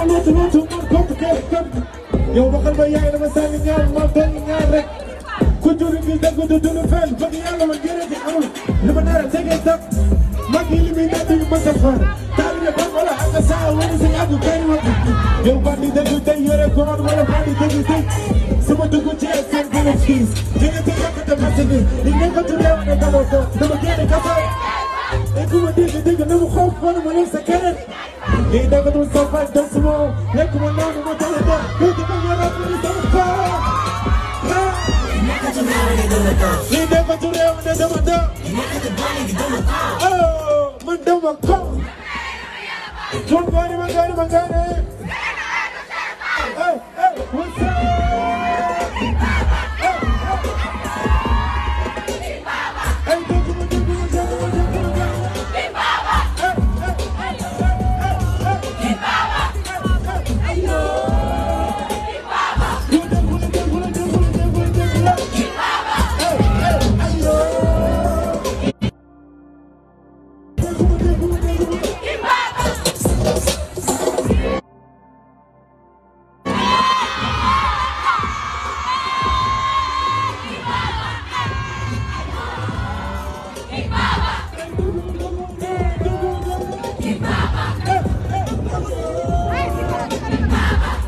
ma luutu luutu man kooku kër kër yow waxal ma yaay dama sànni ñaar ma bañ ñaar rek ku jur gi dëgg du dund fenn bëgg yàlla ma gërëm di amul li ma dara tege sax mag yi li muy nekk yu mën a faar taalibe ba wala ak saa wala si àgg kay ma yow bandi dëgg tey yore góor wala bandi dëgg tey sama dugg ci seen borom fii di nga ci yokk te marché bi di nga ko tuddee wane dama ko dama génne kaso et ku ma dégg dégg na mu xoof wala ma leen sa keneen lii da nga doon soxla des su ma woo léegi mu naan mu tënk ko lii dafa war a bëri sama kawar. lii da nga tur yow ne dama doon. oh man dama ko. man gàddu ma gàddu ma gàddu. hey hey what's up.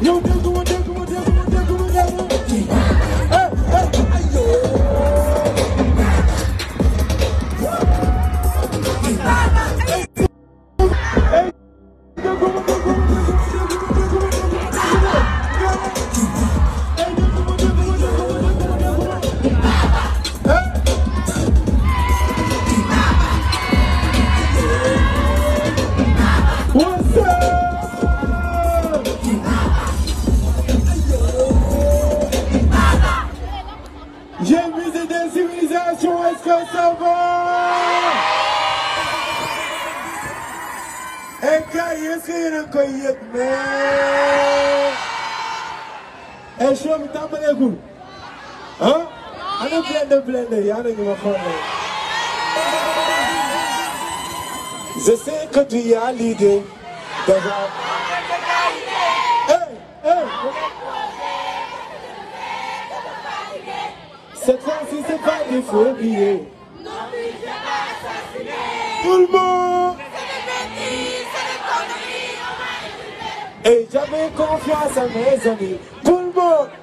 Yo, build the one. des civilisations, est-ce que ça va et gars yi est-ce que yéen koy yëg mais et show bi tàmbaleegul ah ana blende blende yaa ngi ma xool je sais que tu as l'idée déjà hey hey Cette fois-ci, c'est pas il faut oublier. Non, mais je vais assassiner. Tout le monde. C'est des bêtises, c'est des conneries, on m'a Et j'avais confiance à mes amis. Tout le monde.